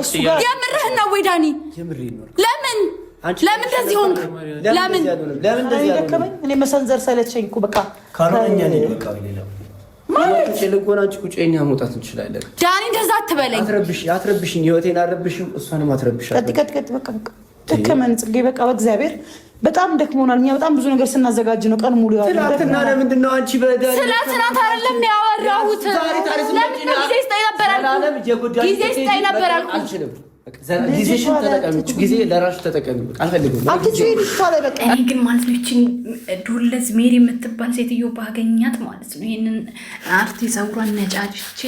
አስባለሁ። የምርህን ነው ወይ ዳኒ? ለምን ለምን እንደዚህ ሆንክ? ለምን እኔ መሰንዘር ሰለቸኝ እኮ በቃ ልጎናች ቁጭኛ መውጣት እንችላለን። ዳኒ እንደዛ አትበለኝ። አትረብሽኝ፣ ህይወቴን አትረብሽም፣ እሷንም አትረብሻ። ቀጥ ቀጥ ቀጥ በቃ ደከመን ጽጌ፣ በቃ በእግዚአብሔር በጣም ደክሞናል። እኛ በጣም ብዙ ነገር ስናዘጋጅ ነው ቀን ሙሉ። ትናንትና ለምንድን ነው አንቺ በዳ ስለ ትናንት አይደለም ያወራሁት ጊዜ ነበር ጊዜ ለራሱ አልፈልግም ግን ማለት ነው። ይችን ሜሪ የምትባል ሴትዮ ባገኛት ማለት ነው ይህንን አርቲ ፀጉሯን ነጫጭቼ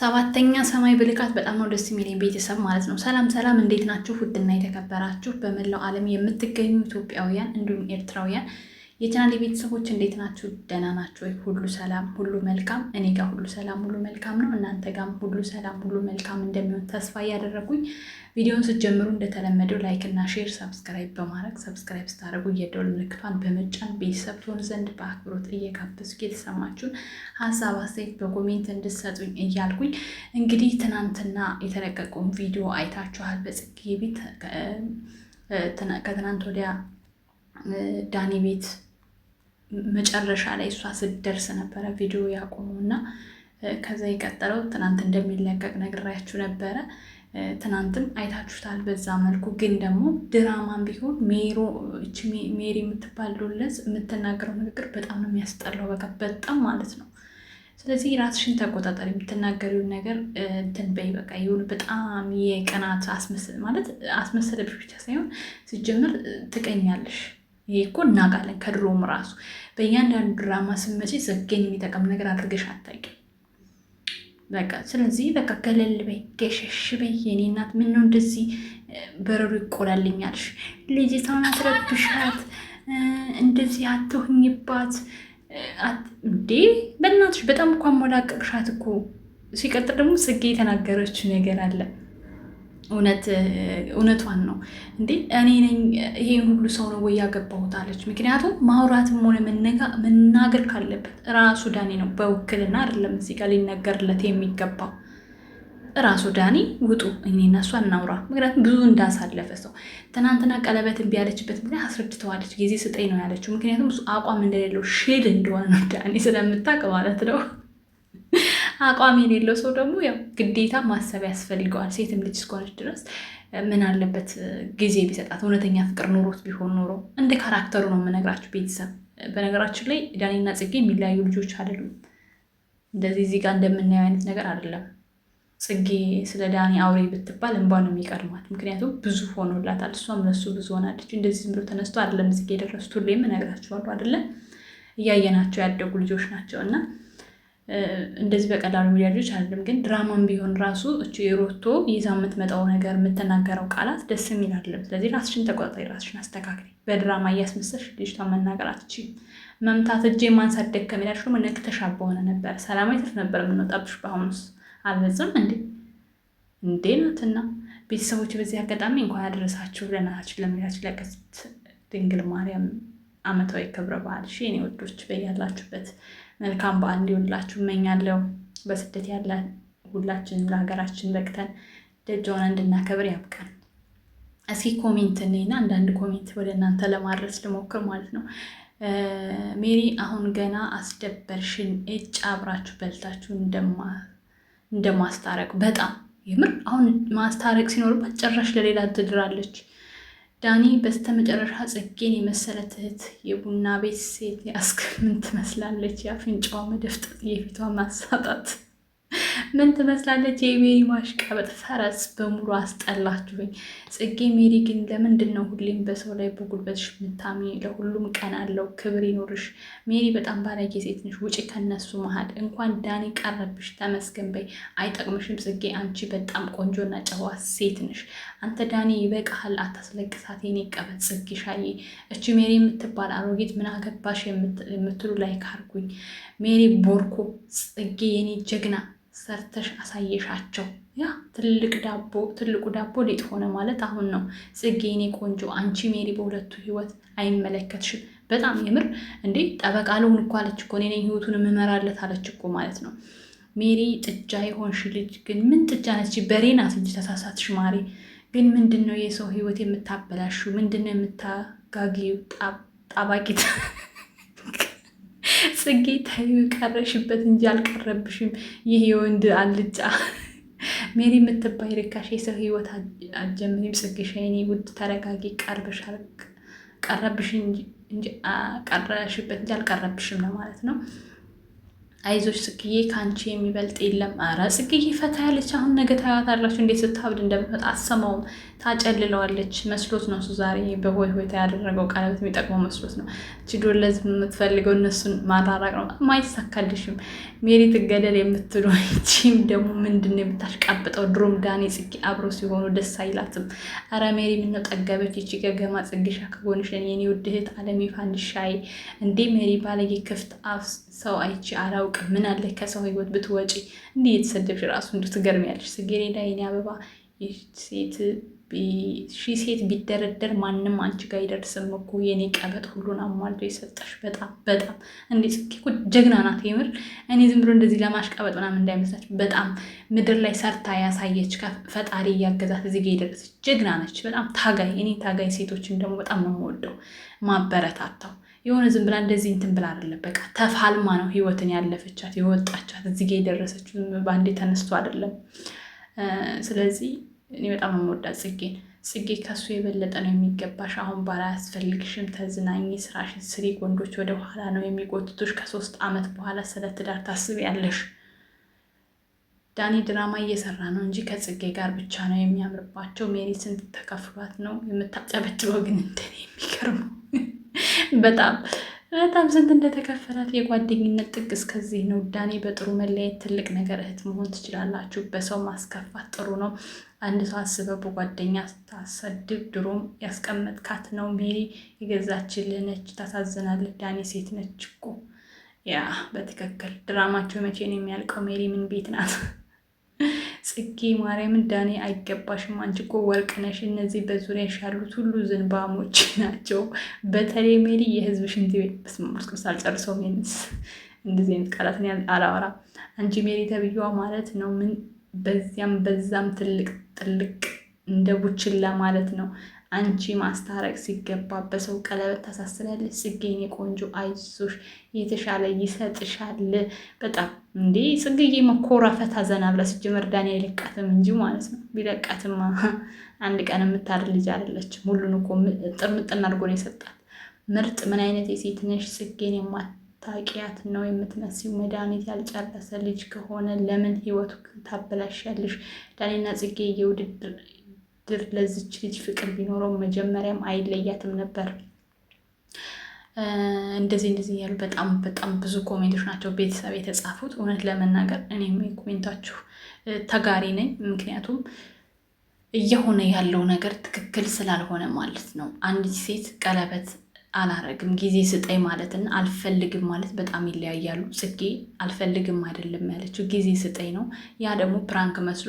ሰባተኛ ሰማይ ብልካት በጣም ነው ደስ የሚለኝ። ቤተሰብ ማለት ነው። ሰላም ሰላም፣ እንዴት ናችሁ? ውድና የተከበራችሁ በመላው ዓለም የምትገኙ ኢትዮጵያውያን እንዲሁም ኤርትራውያን የቻናል ቤተሰቦች እንዴት ናችሁ? ደህና ናችሁ ወይ? ሁሉ ሰላም፣ ሁሉ መልካም። እኔ ጋር ሁሉ ሰላም፣ ሁሉ መልካም ነው። እናንተ ጋርም ሁሉ ሰላም፣ ሁሉ መልካም እንደሚሆን ተስፋ እያደረጉኝ ቪዲዮውን ስትጀምሩ እንደተለመደው ላይክ እና ሼር፣ ሰብስክራይብ በማድረግ ሰብስክራይብ ስታደርጉ የደወል ምልክቷን በመጫን ቤተሰብ ትሆን ዘንድ በአክብሮት እየጋበዝኩ የተሰማችሁን ሀሳብ አስተያየት በኮሜንት እንድትሰጡኝ እያልኩኝ እንግዲህ ትናንትና የተለቀቀውን ቪዲዮ አይታችኋል። በጽጌ ቤት ከትናንት ወዲያ ዳኒ ቤት መጨረሻ ላይ እሷ ስደርስ ነበረ ቪዲዮ ያቆሙ እና ከዛ የቀጠለው ትናንት እንደሚለቀቅ ነግራያችሁ ነበረ። ትናንትም አይታችሁታል። በዛ መልኩ ግን ደግሞ ድራማም ቢሆን ሜሮ ሜሪ የምትባል ዶለዝ የምትናገረው ንግግር በጣም ነው የሚያስጠላው። በቃ በጣም ማለት ነው። ስለዚህ ራስሽን ተቆጣጠሪ፣ የምትናገሪውን ነገር እንትን በይ። በቃ ይሁን በጣም የቀናት አስመስል ማለት አስመሰለብሽ ብቻ ሳይሆን ሲጀምር ትቀኛለሽ ይሄ እኮ እናውቃለን። ከድሮም ራሱ በእያንዳንዱ ድራማ ስመጪ ጽጌን የሚጠቀም ነገር አድርገሽ አታውቂም። በቃ ስለዚህ በቃ ገለል በይ፣ ገሸሽ በይ የኔ እናት። ምነው እንደዚህ በረዶ ይቆላልኛልሽ? ልጅቷን አትረብሻት፣ እንደዚህ አትሁኝባት እንዴ! በእናትሽ በጣም እኳ አሞላቀቅሻት እኮ። ሲቀጥል ደግሞ ጽጌ የተናገረች ነገር አለ እውነቷን ነው እንዴ? እኔ ነኝ ይሄን ሁሉ ሰው ነው ወይ ያገባሁት አለች። ምክንያቱም ማውራትም ሆነ መናገር ካለበት ራሱ ዳኒ ነው፣ በውክልና አይደለም እዚህ ጋር ሊነገርለት የሚገባው ራሱ ዳኒ። ውጡ፣ እኔና እሷ እናውራ። ምክንያቱም ብዙ እንዳሳለፈ ሰው ትናንትና ቀለበት እምቢ ያለችበት ምክንያት አስረድተዋለች። ጊዜ ስጠኝ ነው ያለችው። ምክንያቱም አቋም እንደሌለው ሽል እንደሆነ ነው ዳኒ ስለምታውቅ ማለት ነው። አቋም የሌለው ሰው ደግሞ ያው ግዴታ ማሰብ ያስፈልገዋል። ሴትም ልጅ እስከሆነች ድረስ ምን አለበት ጊዜ ቢሰጣት፣ እውነተኛ ፍቅር ኖሮት ቢሆን ኖሮ። እንደ ካራክተሩ ነው የምነግራችሁ ቤተሰብ። በነገራችን ላይ ዳኒና ጽጌ የሚለያዩ ልጆች አይደሉም። እንደዚህ እዚህ ጋር እንደምናየው አይነት ነገር አይደለም። ጽጌ ስለ ዳኒ አውሬ ብትባል እንባ ነው የሚቀድማት። ምክንያቱም ብዙ ሆኖላታል፣ እሷም ለሱ ብዙ ሆናለች። እንደዚህ ዝም ብሎ ተነስቶ አይደለም እዚህ የደረሱት። ሁሌም እነግራችኋለሁ አይደለም እያየናቸው ያደጉ ልጆች ናቸው እና እንደዚህ በቀላሉ ሚዲያ አይደለም። ግን ድራማም ቢሆን ራሱ እ የሮቶ ይዛ የምትመጣው ነገር የምትናገረው ቃላት ደስ የሚል አይደለም። ስለዚህ ራስሽን ተቆጣጣሪ፣ ራስሽን አስተካክል። በድራማ እያስመሰልሽ ልጅቷን መናገር አትችይም። መምታት እጄ ማንሳት ደከም ይላችሁ ደግሞ ነክተሻ በሆነ ነበር ሰላማዊ ሰልፍ ነበር የምንወጣብሽ። በአሁኑስ አልበጽም እንዴ እንዴ ናትና ቤተሰቦች በዚህ አጋጣሚ እንኳን ያደረሳችሁ ለእናታችን ለእመቤታችን ለቅድስት ድንግል ማርያም ዓመታዊ ክብረ በዓል ሺ የኔ ወዶች በያላችሁበት መልካም በዓል እንዲሆንላችሁ እመኛለሁ። በስደት ያለ ሁላችንም ለሀገራችን በቅተን ደጃውን እንድናከብር ያብቃን። እስኪ ኮሜንት እኔና አንዳንድ ኮሜንት ወደ እናንተ ለማድረስ ልሞክር ማለት ነው። ሜሪ አሁን ገና አስደበርሽን። እጭ አብራችሁ በልታችሁ እንደማስታረቅ በጣም የምር አሁን ማስታረቅ ሲኖርባት ጭራሽ ለሌላ ትድራለች። ዳኒ በስተመጨረሻ ጽጌን የመሰለ ትህት የቡና ቤት ሴት አስከምን ትመስላለች። የአፍንጫዋ መደፍጠጥ፣ የፊቷ ማሳጣት ምን ትመስላለች? የሜሪ ማሽቀበጥ ፈረስ በሙሉ አስጠላችሁኝ። ጽጌ ሜሪ ግን ለምንድን ነው ሁሌም በሰው ላይ በጉልበትሽ ምታሚ? ለሁሉም ቀን አለው፣ ክብር ይኖርሽ። ሜሪ በጣም ባለጌ ሴት ነሽ፣ ውጪ ከነሱ መሀል። እንኳን ዳኒ ቀረብሽ፣ ተመስገን በይ። አይጠቅምሽም ጽጌ፣ አንቺ በጣም ቆንጆና ጨዋ ሴት ነሽ። አንተ ዳኒ ይበቃሃል፣ አታስለቅሳት። የኔ ቀበጥ ጽጌ ሻዬ፣ እቺ ሜሪ የምትባል አሮጊት ምን አገባሽ የምትሉ ላይ ካርጉኝ። ሜሪ ቦርኮ ጽጌ የኔ ጀግና ሰርተሽ አሳየሻቸው። ያ ትልቅ ዳቦ ትልቁ ዳቦ ሊጥ ሆነ ማለት አሁን ነው። ጽጌ የኔ ቆንጆ አንቺ ሜሪ በሁለቱ ህይወት አይመለከትሽም። በጣም የምር እንዴ ጠበቃ ልሁን እኮ አለች እኮ እኔ ህይወቱን የምመራለት አለች እኮ ማለት ነው። ሜሪ ጥጃ የሆንሽ ልጅ ግን ምን ጥጃ ነች? በሬ ናት እንጂ ተሳሳትሽ ማሪ። ግን ምንድን ነው የሰው ህይወት የምታበላሹ? ምንድን ነው የምታጋጊ ጣባቂት ጽጌ ተይው ቀረሽበት እንጂ አልቀረብሽም። ይህ የወንድ አልጫ ሜሪ የምትባይ ርካሽ የሰው ህይወት አጀምሪም። ጽግሽ የኔ ውድ ተረጋጊ፣ ቀረብሽ እንጂ ቀረሽበት እንጂ አልቀረብሽም ለማለት ነው። አይዞች ጽጌዬ ከአንቺ የሚበልጥ የለም። ኧረ ጽጌዬ ፈታ ያለች አሁን ነገ ታያታላችሁ እንዴት ስታብድ እንደምትመጣ አሰማውም ታጨልለዋለች መስሎት ነው እሱ ዛሬ በሆይ ሆይታ ያደረገው ቀለበት የሚጠቅመው መስሎት ነው። ችዶለዝ የምትፈልገው እነሱን ማራራቅ ነው። ማይሳካልሽም ሜሪ ትገደል የምትሉ ቺም ደግሞ ምንድን ነው የምታሽቃብጠው? ድሮም ዳኔ ጽጌ አብሮ ሲሆኑ ደስ አይላትም። አረ ሜሪ ምነው ጠገበች? ይቺ ገገማ ጽጌሻ ከጎንሽን የኔ ውድ አለም ይፋንሻይ እንዴ ሜሪ ባለጌ ክፍት አፍ ሰው አይቺ አላውቅም። ምን አለ ከሰው ህይወት ብትወጪ እንዲህ የተሰደብሽ ራሱ እንዱ ትገርሚያለሽ። ጽጌሬዳ የኔ አበባ ሴት ሺህ ሴት ቢደረደር ማንም አንቺ ጋር አይደርስም እኮ የኔ ቀበጥ ሁሉን አሟልቶ የሰጠሽ በጣም በጣም እንዴ ጽጌ እኮ ጀግና ናት። የምር እኔ ዝም ብሎ እንደዚህ ለማሽቀበጥ ምናምን እንዳይመስላች በጣም ምድር ላይ ሰርታ ያሳየች ፈጣሪ እያገዛት እዚህ ጋ የደረሰች ጀግና ነች። በጣም ታጋይ እኔ ታጋይ ሴቶችን ደግሞ በጣም ነው የምወደው ማበረታታው የሆነ ዝም ብላ እንደዚህ እንትን ብላ አይደለም። በቃ ተፋልማ ነው ህይወትን ያለፈቻት የወጣቻት እዚህ ጋ የደረሰችው በአንዴ ተነስቶ አይደለም። ስለዚህ እኔ በጣም የምወዳት ጽጌ ጽጌ ከሱ የበለጠ ነው የሚገባሽ። አሁን ባላ ያስፈልግሽም፣ ተዝናኝ፣ ስራሽን ስሪ። ወንዶች ወደ ኋላ ነው የሚጎትቱሽ። ከሶስት አመት በኋላ ስለ ትዳር ታስብ ያለሽ። ዳኒ ድራማ እየሰራ ነው እንጂ ከጽጌ ጋር ብቻ ነው የሚያምርባቸው። ሜሪ ስንት ተከፍሏት ነው የምታጨበጭበው? ግን እንደኔ የሚገርመው በጣም በጣም ስንት እንደተከፈላት የጓደኝነት ጥግ እስከዚህ ነው። ዳኔ በጥሩ መለያየት ትልቅ ነገር እህት መሆን ትችላላችሁ። በሰው ማስከፋት ጥሩ ነው። አንድ ሰው አስበ በጓደኛ ስታሰድብ ድሮም ያስቀመጥካት ነው። ሜሪ የገዛችልህ ነች። ታሳዝናለች። ዳኔ ሴት ነች እኮ ያ በትክክል ድራማቸው መቼ ነው የሚያልቀው? ሜሪ ምን ቤት ናት? ጽጌ ማርያምን ዳኔ አይገባሽም። አንቺ እኮ ወርቅ ነሽ። እነዚህ በዙሪያሽ ያሉት ሁሉ ዝንባሞች ናቸው። በተለይ ሜሪ የህዝብ ሽንት ቤት በስማርስ ቅርስ አልጨርሰው ሜንስ እንደዚህ አይነት ቃላት አላወራ። አንቺ ሜሪ ተብዬዋ ማለት ነው ምን በዚያም በዛም ትልቅ ጥልቅ እንደ ቡችላ ማለት ነው። አንቺ ማስታረቅ ሲገባ በሰው ቀለበት ታሳስላለች። ጽጌኔ የቆንጆ አይዞሽ፣ የተሻለ ይሰጥሻል በጣም እንዴ ጽግዬ መኮራ ፈታ ዘና ብላ ሲጀመር ዳኒ አይለቃትም እንጂ ማለት ነው። ቢለቃትማ አንድ ቀን የምታድር ልጅ አይደለችም። ሁሉን እኮ ጥርምጥና አድርጎ ነው የሰጣት። ምርጥ ምን አይነት የሴት ነሽ ጽጌን የማታውቂያት ነው የምትመስይው። መድኃኒት ያልጨረሰ ልጅ ከሆነ ለምን ህይወቱ ታበላሻለሽ? ዳኒና ጽጌ የውድድር ለዚች ልጅ ፍቅር ቢኖረው መጀመሪያም አይለያትም ነበር። እንደዚህ እንደዚህ እያሉ በጣም በጣም ብዙ ኮሜንቶች ናቸው ቤተሰብ የተጻፉት። እውነት ለመናገር እኔም የኮሜንታችሁ ተጋሪ ነኝ። ምክንያቱም እየሆነ ያለው ነገር ትክክል ስላልሆነ ማለት ነው። አንዲት ሴት ቀለበት አላረግም ጊዜ ስጠኝ ማለትና አልፈልግም ማለት በጣም ይለያያሉ። ጽጌ አልፈልግም አይደለም ያለችው ጊዜ ስጠኝ ነው። ያ ደግሞ ፕራንክ መስሎ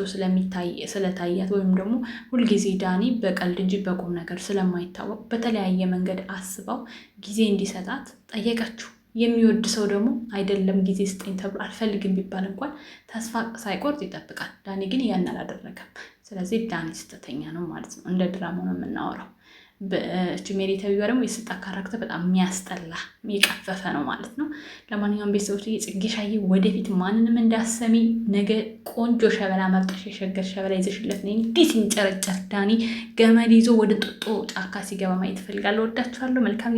ስለታያት ወይም ደግሞ ሁልጊዜ ዳኒ በቀልድ እንጂ በቁም ነገር ስለማይታወቅ በተለያየ መንገድ አስባው ጊዜ እንዲሰጣት ጠየቀችው። የሚወድ ሰው ደግሞ አይደለም ጊዜ ስጠኝ ተብሎ አልፈልግም ቢባል እንኳን ተስፋ ሳይቆርጥ ይጠብቃል። ዳኒ ግን ያን አላደረገም። ስለዚህ ዳኒ ስህተተኛ ነው ማለት ነው። እንደ ድራማ ነው የምናወራው። እች ሜሪተቢዋ ደግሞ የስጣ ካራክተር በጣም የሚያስጠላ የቀፈፈ ነው ማለት ነው። ለማንኛውም ቤተሰቦች ጽጌሻዬ ወደፊት ማንንም እንዳሰሚ ነገ ቆንጆ ሸበላ መርጠሽ የሸገር ሸበላ ይዘሽለት ነ እንዲህ ሲንጨረጨር ዳኒ ገመድ ይዞ ወደ ጦጦ ጫካ ሲገባ ማየት እፈልጋለሁ። ወዳችኋለሁ። መልካም